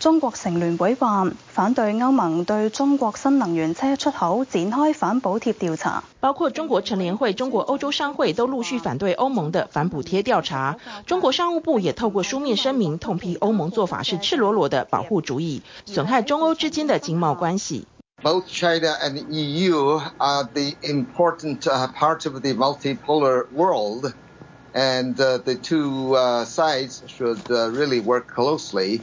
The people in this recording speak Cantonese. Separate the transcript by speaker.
Speaker 1: 中國成聯會話，反對歐盟對中國新能源車出口展開反補貼調查，包括中國成聯會、中國歐洲商會都陸續反對歐盟的反補貼調查。中國商務部也透過書面聲明痛批歐盟做法是赤裸裸的保護主義，損害中歐之間的經貿關係。Both China and EU are the important part of the multipolar world, and the two sides should really work closely.